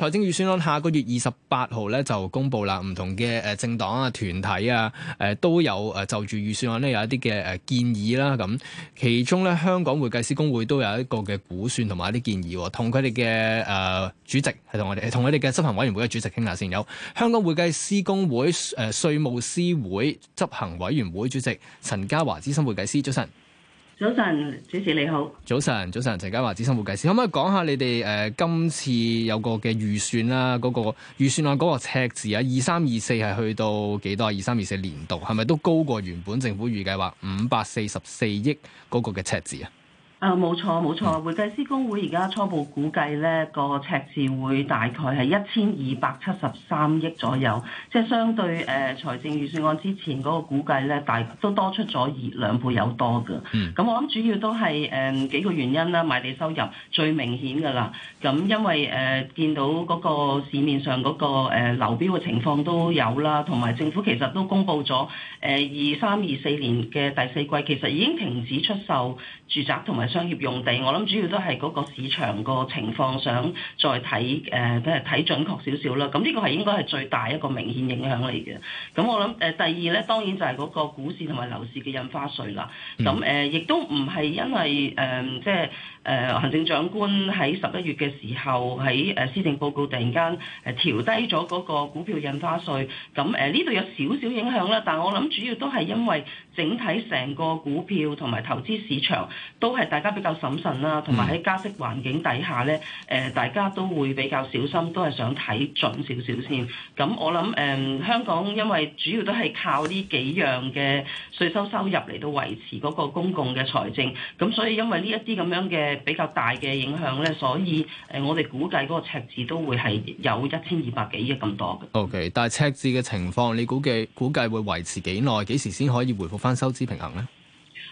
財政預算案下個月二十八號咧，就公布啦。唔同嘅、誒政黨啊、團體啊，誒都有誒就住預算案咧有一啲嘅誒建議啦。咁其中咧，香港會計師公會都有一個嘅估算同埋一啲建議，同佢哋嘅誒主席係同我哋同佢哋嘅執行委員會嘅主席傾下先。有香港會計師公會誒稅務師會執行委員會主席陳嘉華資深會計師，早晨。早晨，主持你好。早晨，早晨，陳嘉華資深會計師，可唔可以講下你哋誒、呃、今次有個嘅預算啦？嗰個預算案嗰個赤字啊，二三二四係去到幾多啊？二三二四年度係咪都高過原本政府預計話五百四十四億嗰個嘅赤字啊？誒冇錯冇錯，會計師公會而家初步估計咧個赤字會大概係一千二百七十三億左右，即係相對誒、呃、財政預算案之前嗰個估計咧，大都多出咗二兩倍有多嘅。嗯，咁我諗主要都係誒、呃、幾個原因啦，賣地收入最明顯㗎啦。咁因為誒、呃、見到嗰個市面上嗰、那個誒流、呃、標嘅情況都有啦，同埋政府其實都公布咗誒二三二四年嘅第四季其實已經停止出售住宅同埋。商業用地，我諗主要都係嗰個市場個情況，想再睇誒，即係睇準確少少啦。咁呢個係應該係最大一個明顯影響嚟嘅。咁我諗誒、呃，第二咧，當然就係嗰個股市同埋樓市嘅印花稅啦。咁誒、呃，亦都唔係因為誒，即、呃、係。就是誒、呃、行政長官喺十一月嘅時候，喺誒施政報告突然間誒調低咗嗰個股票印花稅，咁誒呢度有少少影響啦。但係我諗主要都係因為整體成個股票同埋投資市場都係大家比較審慎啦，同埋喺加息環境底下咧，誒、呃、大家都會比較小心，都係想睇準少少先。咁我諗誒、呃、香港因為主要都係靠呢幾樣嘅稅收收入嚟到維持嗰個公共嘅財政，咁所以因為呢一啲咁樣嘅。比較大嘅影響咧，所以誒，我哋估計嗰個赤字都會係有一千二百幾億咁多嘅。OK，但係赤字嘅情況，你估計估計會維持幾耐？幾時先可以回復返收支平衡咧？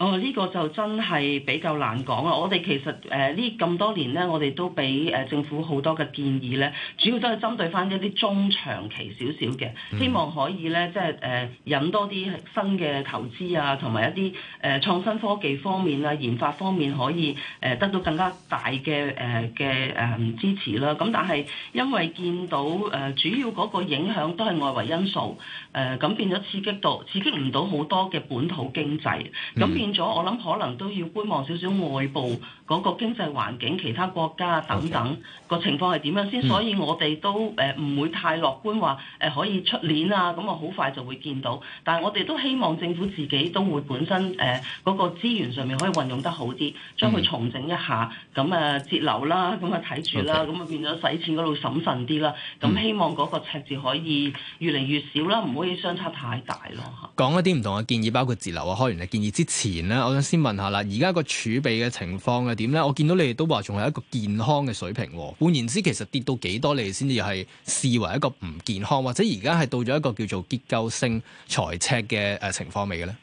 哦，呢、這個就真係比較難講啊！我哋其實誒呢咁多年呢，我哋都俾誒政府好多嘅建議呢，主要都係針對返一啲中長期少少嘅，希望可以呢，即係誒引多啲新嘅投資啊，同埋一啲誒、呃、創新科技方面啊、研發方面可以誒得到更加大嘅誒嘅誒支持啦。咁但係因為見到誒、呃、主要嗰個影響都係外圍因素，誒、呃、咁變咗刺激到刺激唔到好多嘅本土經濟，咁變咗，我諗可能都要觀望少少外部嗰個經濟環境、其他國家啊等等個 Okay. 情況係點樣先？Mm. 所以我哋都誒唔會太樂觀話誒可以出年啊咁啊好快就會見到。但係我哋都希望政府自己都會本身誒嗰、呃那個資源上面可以運用得好啲，將佢重整一下，咁、嗯、啊、嗯嗯嗯、節流啦，咁啊睇住啦，咁啊變咗使錢嗰度審慎啲啦。咁、嗯、Okay. 希望嗰個赤字可以越嚟越少啦，唔可以相差太大咯。講一啲唔同嘅建議，包括節流啊、開源嘅建議之前呢，我想先問下啦，而家個儲備嘅情況嘅。點咧？我見到你哋都話仲係一個健康嘅水平。換言之，其實跌到幾多你哋先至係視為一個唔健康，或者而家係到咗一個叫做結構性財赤嘅誒、呃、情況未嘅咧？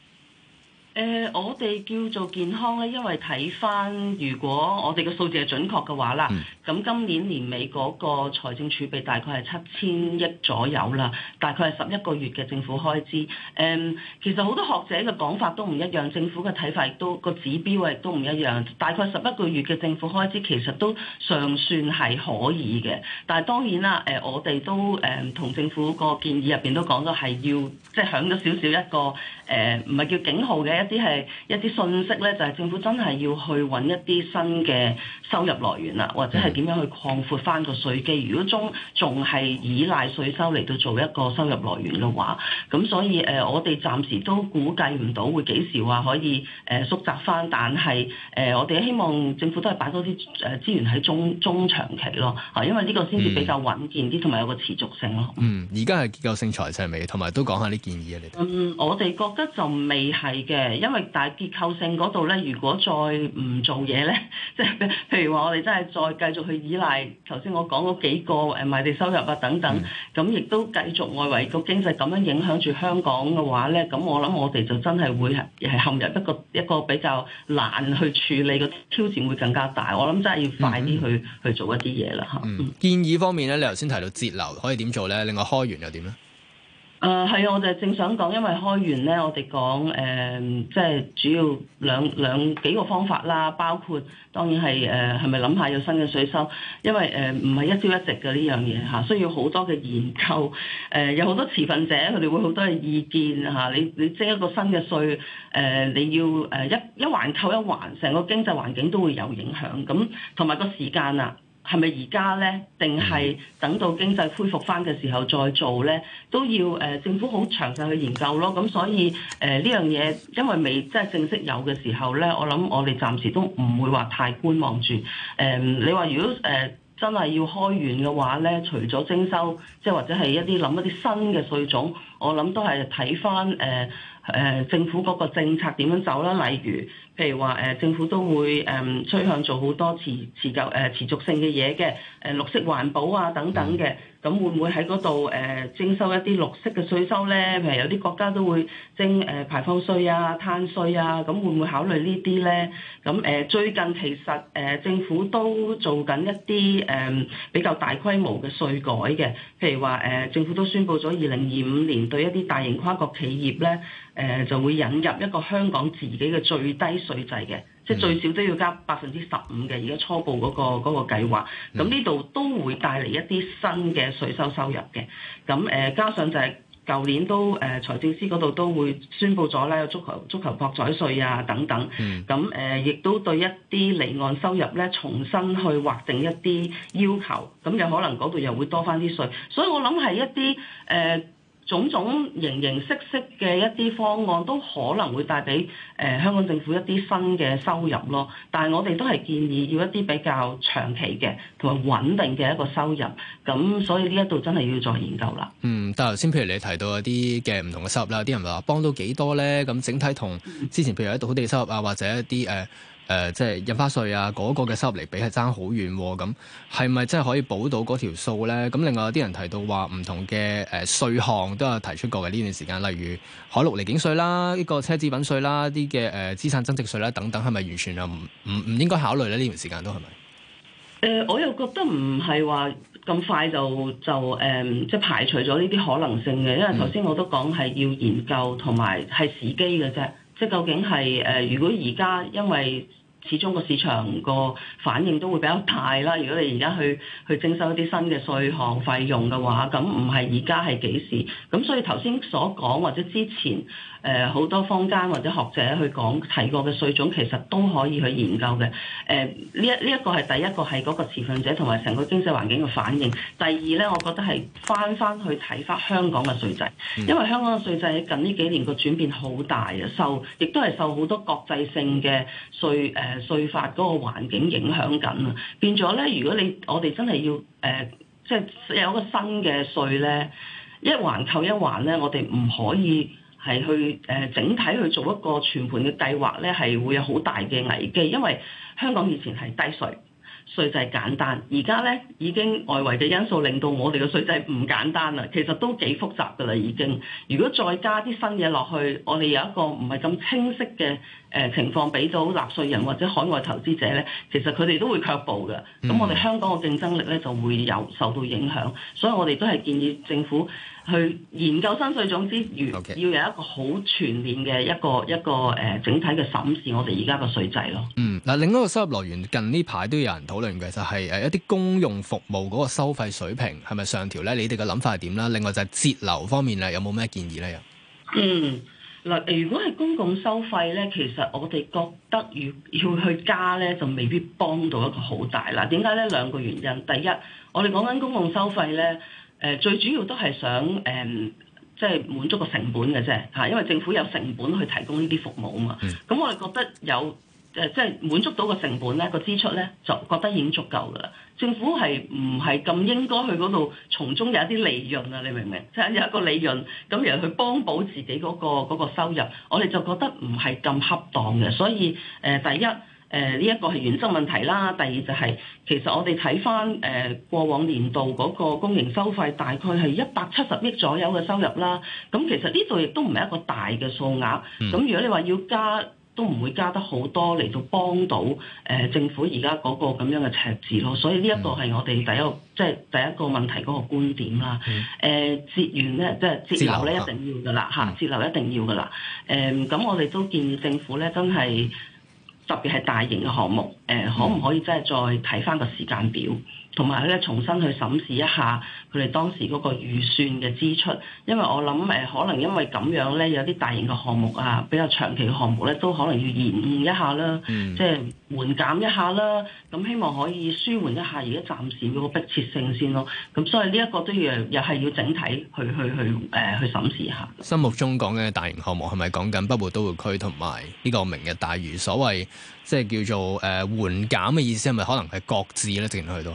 誒、呃，我哋叫做健康咧，因為睇返，如果我哋嘅數字係準確嘅話啦，咁、嗯、今年年尾嗰個財政儲備大概係七千億左右啦，大概係十一個月嘅政府開支。誒、呃，其實好多學者嘅講法都唔一樣，政府嘅睇法亦都個指標亦都唔一樣。大概十一個月嘅政府開支其實都尚算係可以嘅，但係當然啦，誒、呃，我哋都誒同、呃、政府個建議入邊都講咗係要，即係響咗少少一個。誒唔係叫警號嘅一啲係一啲信息咧，就係、是、政府真係要去揾一啲新嘅收入來源啦，或者係點樣去擴闊返個稅基。如果中仲係依賴稅收嚟到做一個收入來源嘅話，咁所以誒、呃，我哋暫時都估計唔到會幾時話可以誒、呃、縮窄返，但係誒、呃、我哋希望政府都係擺多啲誒資源喺中中長期咯，嚇，因為呢個先至比較穩健啲，同埋有個持續性咯。嗯，而家係結構性財政未，同埋都講下啲建議啊，你。嗯，我哋、那個。得就未係嘅，因為大結構性嗰度咧，如果再唔做嘢咧，即係譬如話我哋真係再繼續去依賴，頭先我講嗰幾個誒賣地收入啊等等，咁亦、嗯、都繼續外圍個經濟咁樣影響住香港嘅話咧，咁我諗我哋就真係會係係陷入一個一個比較難去處理嘅挑戰，會更加大。我諗真係要快啲去、嗯、去做一啲嘢啦嚇。建議方面咧，你頭先提到節流可以點做咧？另外開源又點咧？誒係啊，我就係正想講，因為開源咧，我哋講誒，即係主要兩兩幾個方法啦，包括當然係誒，係咪諗下有新嘅稅收？因為誒唔係一朝一夕嘅呢樣嘢嚇，需要好多嘅研究。誒、呃、有好多持份者，佢哋會好多嘅意見嚇、啊。你你徵一個新嘅稅，誒、呃、你要誒一一環扣一環，成個經濟環境都會有影響。咁同埋個時間啊。係咪而家咧，定係等到經濟恢復翻嘅時候再做咧？都要誒政府好詳細去研究咯。咁所以誒呢樣嘢，因為未即係正式有嘅時候咧，我諗我哋暫時都唔會話太觀望住。誒、呃、你話如果誒、呃、真係要開源嘅話咧，除咗徵收，即係或者係一啲諗一啲新嘅稅種，我諗都係睇翻誒誒政府嗰個政策點樣走啦。例如。譬如話誒，政府都會誒趨向做好多持持久誒持續性嘅嘢嘅，誒綠色環保啊等等嘅，咁會唔會喺嗰度誒徵收一啲綠色嘅稅收咧？譬如有啲國家都會徵誒排放稅啊、碳稅啊，咁會唔會考慮呢啲咧？咁誒最近其實誒政府都做緊一啲誒比較大規模嘅稅改嘅，譬如話誒政府都宣布咗二零二五年對一啲大型跨國企業咧誒就會引入一個香港自己嘅最低稅制嘅，即係最少都要加百分之十五嘅，而家初步嗰個嗰個計劃，咁呢度都會帶嚟一啲新嘅稅收收入嘅。咁誒、呃，加上就係舊年都誒呃、財政司嗰度都會宣布咗咧，有足球足球博彩稅啊等等。咁誒、呃、亦都對一啲離岸收入咧重新去劃定一啲要求，咁有可能嗰度又會多翻啲稅。所以我諗係一啲誒。呃種種形形色色嘅一啲方案都可能會帶俾誒、呃、香港政府一啲新嘅收入咯，但係我哋都係建議要一啲比較長期嘅同埋穩定嘅一個收入，咁所以呢一度真係要再研究啦。嗯，但係頭先譬如你提到一啲嘅唔同嘅收入啦，有啲人話幫到幾多咧？咁整體同之前譬如喺土地收入啊，或者一啲誒。呃誒、呃，即係印花稅啊，嗰、那個嘅收入嚟比係爭好遠喎、啊，咁係咪真係可以補到嗰條數咧？咁另外有啲人提到話唔同嘅誒稅項都有提出過嘅呢段時間，例如海陸離境稅啦，呢個奢侈品稅啦，啲嘅誒資產增值稅啦等等，係咪完全又唔唔唔應該考慮咧？呢段時間都係咪？誒、呃，我又覺得唔係話咁快就就誒、呃，即係排除咗呢啲可能性嘅，因為頭先我都講係要研究同埋係時機嘅啫。即究竟係誒、呃，如果而家因為。始終個市場個反應都會比較大啦。如果你而家去去徵收一啲新嘅稅項費用嘅話，咁唔係而家係幾時？咁所以頭先所講或者之前誒好多坊間或者學者去講提過嘅稅種，其實都可以去研究嘅。誒呢一呢一個係第一個係嗰個持份者同埋成個經濟環境嘅反應。第二咧，我覺得係翻翻去睇翻香港嘅稅制，因為香港嘅稅制近呢幾年個轉變好大啊，受亦都係受好多國際性嘅稅誒。呃稅法嗰個環境影響緊啊，變咗咧，如果你我哋真係要誒、呃、即係有一個新嘅稅咧，一環扣一環咧，我哋唔可以係去誒整體去做一個全盤嘅計劃咧，係會有好大嘅危機，因為香港以前係低稅，稅制簡單，而家咧已經外圍嘅因素令到我哋嘅稅制唔簡單啦，其實都幾複雜噶啦已經。如果再加啲新嘢落去，我哋有一個唔係咁清晰嘅。誒、呃、情況俾到納稅人或者海外投資者咧，其實佢哋都會卻步嘅。咁、嗯、我哋香港嘅競爭力咧就會有受到影響，所以我哋都係建議政府去研究新稅種之餘，Okay. 要有一個好全面嘅一個一個誒、呃、整體嘅審視我哋而家個稅制咯。嗯，嗱，另一個收入來源近呢排都有人討論嘅就係、是、誒一啲公用服務嗰個收費水平係咪上調咧？你哋嘅諗法係點啦？另外就係節流方面咧，有冇咩建議咧？又嗯。嗱，如果係公共收費咧，其實我哋覺得要要去加咧，就未必幫到一個好大啦。點解咧？兩個原因。第一，我哋講緊公共收費咧，誒、呃、最主要都係想誒、呃，即係滿足個成本嘅啫嚇，因為政府有成本去提供呢啲服務啊嘛。咁我哋覺得有。誒即係滿足到個成本咧，個支出咧就覺得已經足夠噶啦。政府係唔係咁應該去嗰度從中有一啲利潤啊？你明唔明？即係有一個利潤咁，然後去幫補自己嗰個嗰個收入，我哋就覺得唔係咁恰當嘅。所以誒，第一誒呢一個係原則問題啦。第二就係其實我哋睇翻誒過往年度嗰個公營收費大概係一百七十億左右嘅收入啦。咁其實呢度亦都唔係一個大嘅數額。咁如果你話要加，都唔會加得好多嚟到幫到誒、呃、政府而家嗰個咁樣嘅赤字咯，所以呢一個係我哋第一、嗯、即係第一個問題嗰個觀點啦。誒、嗯呃、節完咧，即係節流咧，一定要噶啦嚇，節流一定要噶啦。誒、呃、咁我哋都建議政府咧，真係特別係大型嘅項目，誒、呃、可唔可以即係再睇翻個時間表，同埋咧重新去審視一下。佢哋當時嗰個預算嘅支出，因為我諗誒、呃，可能因為咁樣咧，有啲大型嘅項目啊，比較長期嘅項目咧，都可能要延誤一下啦，嗯、即係緩減一下啦。咁希望可以舒緩一下而家暫時嘅迫切性先咯。咁所以呢一個都要又係要整體去去去誒、呃、去審視下。心目中講嘅大型項目係咪講緊北部都會區同埋呢個明日大嶼？所謂即係叫做誒、呃、緩減嘅意思係咪可能係各自咧？直情去到係。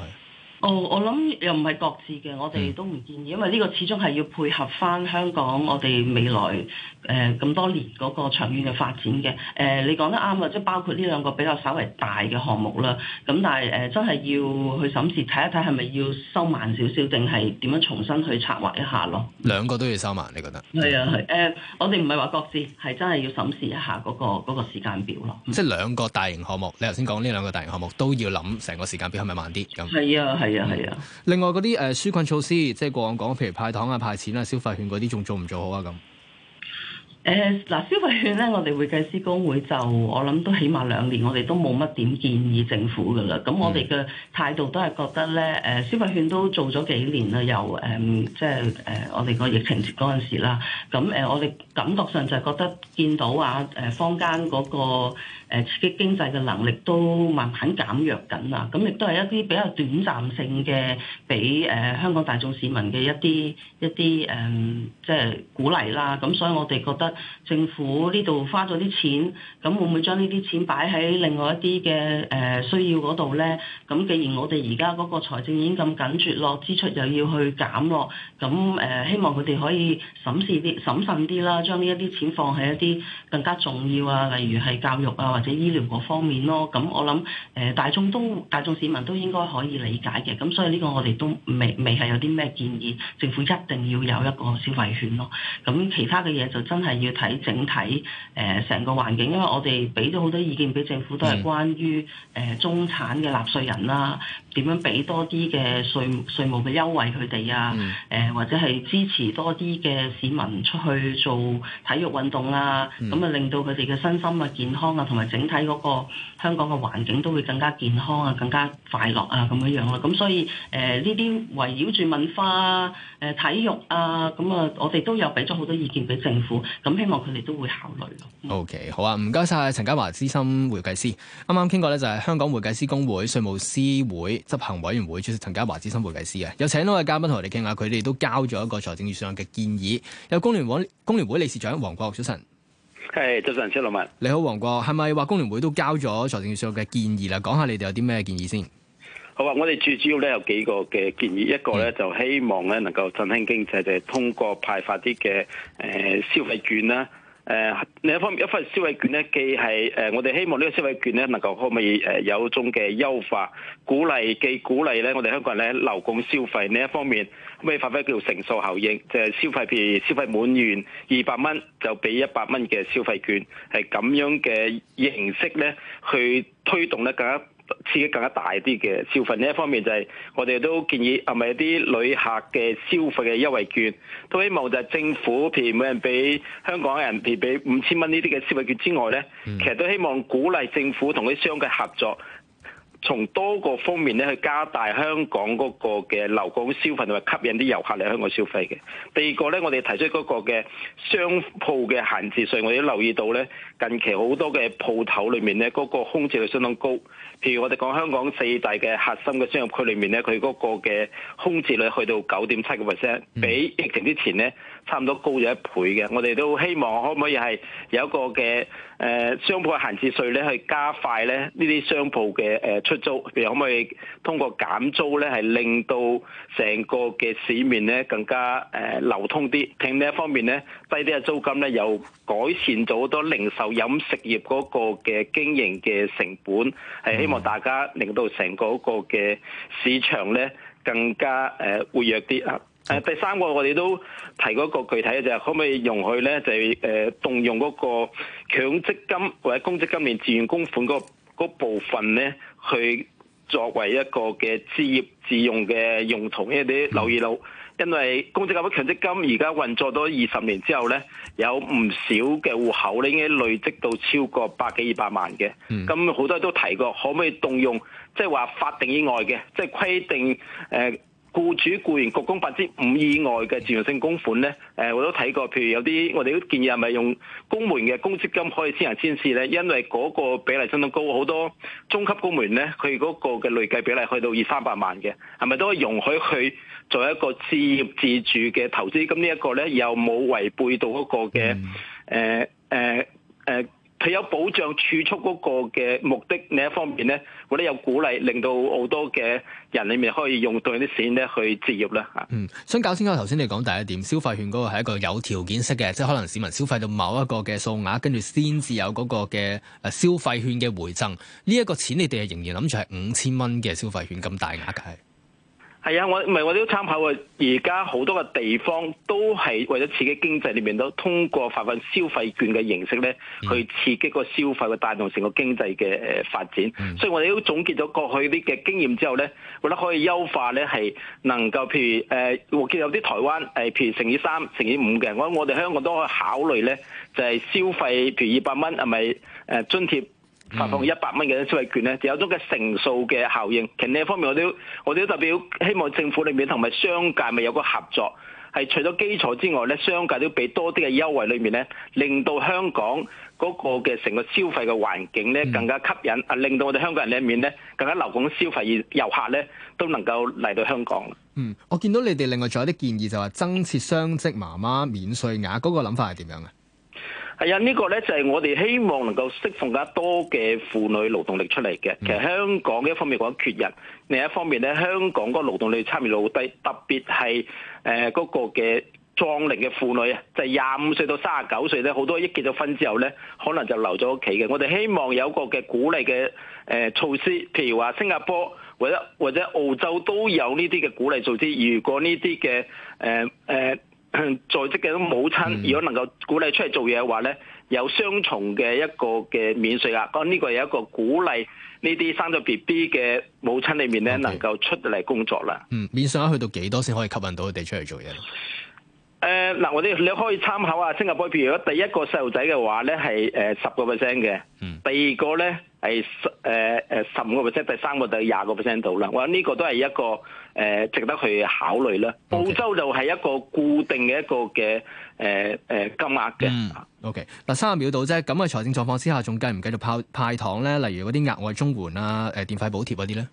哦，我諗又唔係各自嘅，我哋都唔建議，因為呢個始終係要配合翻香港我哋未來誒咁多年嗰個長遠嘅發展嘅。誒，你講得啱啊，即係包括呢兩個比較稍微大嘅項目啦。咁但係誒，真係要去審視睇一睇係咪要收慢少少，定係點樣重新去策劃一下咯？兩個都要收慢，你覺得？係啊，係誒，我哋唔係話各自，係真係要審視一下嗰個嗰個時間表咯。即係兩個大型項目，你頭先講呢兩個大型項目都要諗成個時間表係咪慢啲咁？係啊，係。係啊、嗯！另外嗰啲誒紓困措施，即係過往講，譬如派糖啊、派錢啦、啊、消費券嗰啲，仲做唔做好啊？咁誒嗱，消費券咧，我哋會計師公會就我諗都起碼兩年，我哋都冇乜點建議政府噶啦。咁我哋嘅態度都係覺得咧，誒、呃、消費券都做咗幾年啦，又誒、呃、即係誒、呃、我哋個疫情嗰陣時啦。咁誒、呃，我哋感覺上就係覺得見到啊，誒坊間嗰、那個。誒刺激經濟嘅能力都慢慢減弱緊啦，咁亦都係一啲比較短暫性嘅，俾誒香港大眾市民嘅一啲一啲誒，即係鼓勵啦。咁所以我哋覺得政府呢度花咗啲錢，咁會唔會將呢啲錢擺喺另外一啲嘅誒需要嗰度咧？咁既然我哋而家嗰個財政已經咁緊絀咯，支出又要去減咯，咁誒希望佢哋可以審視啲審慎啲啦，將呢一啲錢放喺一啲更加重要啊，例如係教育啊。或者醫療嗰方面咯，咁我諗誒、呃、大眾都大眾市民都應該可以理解嘅，咁所以呢個我哋都未未係有啲咩建議，政府一定要有一個消費券咯。咁其他嘅嘢就真係要睇整體誒成、呃、個環境，因為我哋俾咗好多意見俾政府，都係關於誒、呃、中產嘅納稅人啦，點樣俾多啲嘅稅稅務嘅優惠佢哋啊，誒、呃、或者係支持多啲嘅市民出去做體育運動啦、啊。咁啊令到佢哋嘅身心啊健康啊同埋。整體嗰、那個香港嘅環境都會更加健康啊，更加快樂啊，咁樣樣咯。咁所以誒，呢啲圍繞住文化、誒、呃、體育啊，咁啊，我哋都有俾咗好多意見俾政府，咁希望佢哋都會考慮咯。OK，好啊，唔該晒。陳嘉華資深會計師。啱啱傾過咧，就係香港會計師公會、稅務師會執行委員會主席陳嘉華資深會計師啊。有請到位嘉賓同我哋傾下，佢哋都交咗一個財政預算案嘅建議。有工聯會工聯會理事長黃國，早晨。係周晨小老文，你好，黃國，係咪話工聯會都交咗財政預算嘅建議啦？講下你哋有啲咩建議先？好啊，我哋最主要咧有幾個嘅建議，一個咧就希望咧能夠振興經濟，就係通過派發啲嘅誒消費券啦。誒、呃、另一方面，一份消費券咧，既係誒、呃、我哋希望呢個消費券咧能夠可唔可以誒、呃、有一種嘅優化，鼓勵既鼓勵咧我哋香港人咧流動消費。另一方面，可，可以發揮叫做乘數效應，即、就、係、是、消費譬如消費滿元二百蚊就俾一百蚊嘅消費券，係咁樣嘅形式咧去推動咧更加。刺激更加大啲嘅消費，呢一方面就係我哋都建議，係咪啲旅客嘅消費嘅優惠券，都希望就係政府，譬如每人俾香港人譬如俾五千蚊呢啲嘅消費券之外呢，其實都希望鼓勵政府同啲商嘅合作。從多個方面咧去加大香港嗰個嘅流港消費同埋吸引啲遊客嚟香港消費嘅。第二個咧，我哋提出嗰個嘅商鋪嘅閒置稅，我哋都留意到咧，近期好多嘅鋪頭裏面咧嗰個空置率相當高。譬如我哋講香港四大嘅核心嘅商業區裏面咧，佢嗰個嘅空置率去到九點七個 percent，比疫情之前咧，差唔多高咗一倍嘅，我哋都希望可唔可以係有一個嘅誒、呃、商鋪嘅閒置稅咧，去加快咧呢啲商鋪嘅誒、呃、出租，譬如可唔可以通過減租咧，係令到成個嘅市面咧更加誒、呃、流通啲。另一方面咧，低啲嘅租金咧又改善咗好多零售飲食業嗰個嘅經營嘅成本，係、嗯、希望大家令到成個嗰個嘅市場咧更加誒活躍啲啊！呃呃誒、啊、第三個，我哋都提嗰個具體嘅就係可唔可以容許咧？就係、是、誒、呃、動用嗰個強積金或者公積金連自願供款嗰部分咧，去作為一個嘅置業自用嘅用途。呢為你留意到，因為公積金或者強積金而家運作咗二十年之後咧，有唔少嘅戶口咧已經累積到超過百幾二百萬嘅。咁好、嗯、多人都提過，可唔可以動用？即係話法定以外嘅，即係規定誒。呃僱主僱員個供百分之五以外嘅自用性供款咧，誒、呃、我都睇過，譬如有啲我哋都建議係咪用公務員嘅公積金可以先行先試咧？因為嗰個比例相當高，好多中級公務員咧，佢嗰個嘅累計比例去到二三百萬嘅，係咪都可以容許佢做一個置業自住嘅投資？咁、這個、呢一個咧又冇違背到一個嘅誒誒誒。嗯呃呃呃佢有保障儲蓄嗰個嘅目的呢，一方面咧，或者有鼓勵令到好多嘅人裏面可以用到啲錢咧去置業啦嚇，嗯，想搞清楚頭先你講第一點，消費券嗰個係一個有條件式嘅，即係可能市民消費到某一個嘅數額，跟住先至有嗰個嘅消費券嘅回贈。呢、這、一個錢你哋係仍然諗住係五千蚊嘅消費券咁大額嘅。係啊，我唔係我哋都參考過。而家好多嘅地方都係為咗刺激經濟裡，裏面都通過發放消費券嘅形式咧，去刺激個消費，去帶動成個經濟嘅誒發展。嗯、所以我哋都總結咗過去啲嘅經驗之後咧，我覺得可以優化咧，係能夠譬如誒，我、呃、見有啲台灣誒、呃，譬如乘以三、乘以五嘅，我我哋香港都可以考慮咧，就係、是、消費譬如二百蚊，係咪誒津貼？發放一百蚊嘅消費券咧，有種嘅乘數嘅效應。其實另一方面，我哋我哋都特別希望政府裏面同埋商界咪有個合作，係除咗基礎之外咧，商界都俾多啲嘅優惠裏面咧，令到香港嗰個嘅成個消費嘅環境咧更加吸引，啊、嗯、令到我哋香港人裏面咧更加留港消費，而遊客咧都能夠嚟到香港。嗯，我見到你哋另外仲有啲建議就話增設雙職媽媽免稅額，嗰、那個諗法係點樣啊？係啊，呢個咧就係我哋希望能夠釋放更多嘅婦女勞動力出嚟嘅。其實香港一方面講缺人，另一方面咧香港嗰個勞動力參與率好低，特別係誒嗰個嘅壯齡嘅婦女啊，就係廿五歲到三十九歲咧，好多一結咗婚之後咧，可能就留咗屋企嘅。我哋希望有個嘅鼓勵嘅誒措施，譬如話新加坡或者或者澳洲都有呢啲嘅鼓勵措施。如果呢啲嘅誒誒，呃呃在職嘅啲母親，嗯、如果能夠鼓勵出嚟做嘢嘅話咧，有雙重嘅一個嘅免稅額，咁呢個有一個鼓勵呢啲生咗 B B 嘅母親裏面咧，能夠出嚟工作啦。嗯，免稅額去到幾多先可以吸引到佢哋出嚟做嘢？誒嗱、呃，我哋你可以參考下新加坡，譬如如果第一個細路仔嘅話咧，係誒十個 percent 嘅，嗯、第二個咧。係十誒十五個 percent，第三個就廿個 percent 到啦。我諗呢個都係一個誒值得去考慮啦。澳洲就係一個固定嘅一個嘅誒誒金額嘅。O K，嗱三十秒到啫。咁嘅財政狀況之下，仲繼唔繼續派派糖咧？例如嗰啲額外中援啊、誒電費補貼嗰啲咧？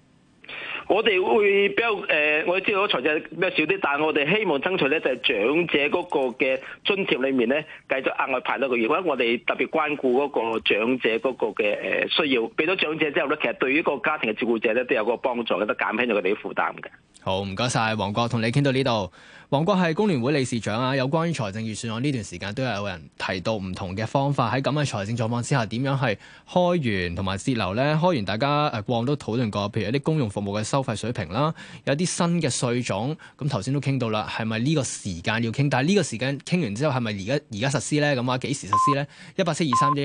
我哋會比較誒、呃，我知道財政比較少啲，但係我哋希望爭取咧，就係、是、長者嗰個嘅津貼裏面咧，繼續額外派多一個月，因為我哋特別關顧嗰個長者嗰個嘅誒需要，俾到長者之後咧，其實對於個家庭嘅照顧者咧，都有個幫助，都減輕咗佢哋啲負擔嘅。好，唔該晒，黃國同你傾到呢度。黃國係工聯會理事長啊，有關於財政預算案呢段時間都有人提到唔同嘅方法，喺咁嘅財政狀況之下，點樣係開源同埋節流咧？開源大家誒過往都討論過，譬如一啲公用服務嘅收費水平啦，有啲新嘅稅種，咁頭先都傾到啦，係咪呢個時間要傾？但係呢個時間傾完之後，係咪而家而家實施咧？咁話，幾時實施咧？一八七二三一。